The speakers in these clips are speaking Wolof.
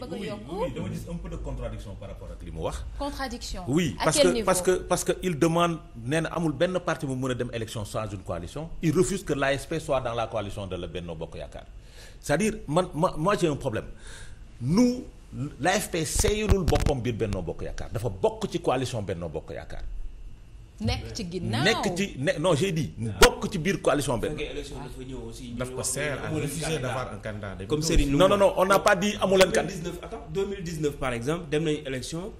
bëgg a yokku oui dama gis un peu de contradiction par rapport ak li mu wax. contradiction oui parce que parce que parce que il demande nee amul benn parti mu mën a dem élection sans une coalition il refuse que l'ASP soit dans la coalition de la Benno Bokk Yaakaar c'est-à-dire man ma moi j'ai un problème nous l'AFP seeyalul boppam biir Benno Bokk Yaakaar dafa bokk ci coalition Benno Bokk Yaakaar. nekk ci ginnaaw nekk ci ne non j'ai dit bokk ci biir coalition benn. daf ko seer à refuser d'avoir un candidat. comme Serigne non pas dit amu leen par exemple dem nañu élection.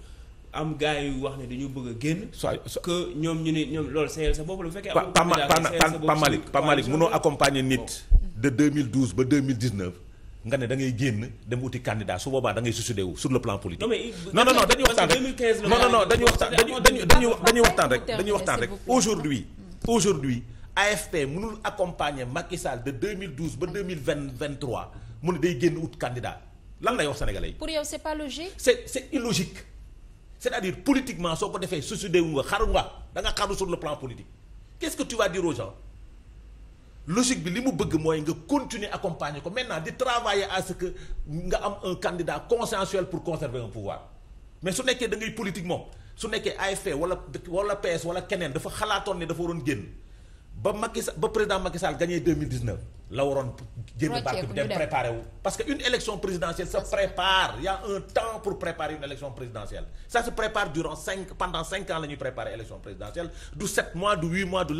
am gars yu wax ne dañu bëgg a génn. soit que ñoom ñu ne ñoom loolu seeyal sa bopp la bu fekkee. amul candidat seeyal sa bopp Pa Malick Pa munoo accompagner nit. de ba nga ne dangay génn dem wuti candidat su boobaa da ngay succédé wu sur le plan politique. non non non dañuy waxtaan rek non non non dañuy waxtaan dañuy dañuy waxtaan rek dañuy waxtaan rek aujourd'hui mm. aujourd'hui AFP mënul accompagner Macky de ba mu ne day génn wut candidat lan lay wax sénégalais yi. pour yow c'est pas logique. c'est illogique c'est-à-dire politiquement soo ko defee succédé wu nga xaru nga da nga xaru sur le plan politique qu'est-ce que tu vas dire aux logique bi li mu bëgg mooy nga continuer accompagner ko maintenant di travailler à que nga am un candidat consensuel pour conserver un pouvoir mais su nekkee da ngay politique moom su nekkee AFP wala wala PS wala keneen dafa xalaatoon ne dafa waroon génn ba Macky Sall ba président Macky Sall la waroon génn barke bi wu parce que une élection présidentielle ça prépare il un temps pour préparer une élection présidentielle ça se prépare durant cinq pendant cinq la ñuy préparer élection présidentielle du sept mois du huit mois du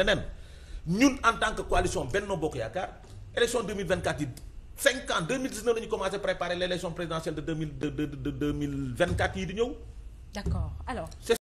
ñun en tant que coalition Benno Bokk Yaakaar élection 2024 yi cinq ans 2019 la ñu commencé préparer l' présidentielle de deux mille de de de 2024 yi di ñëw. d' accord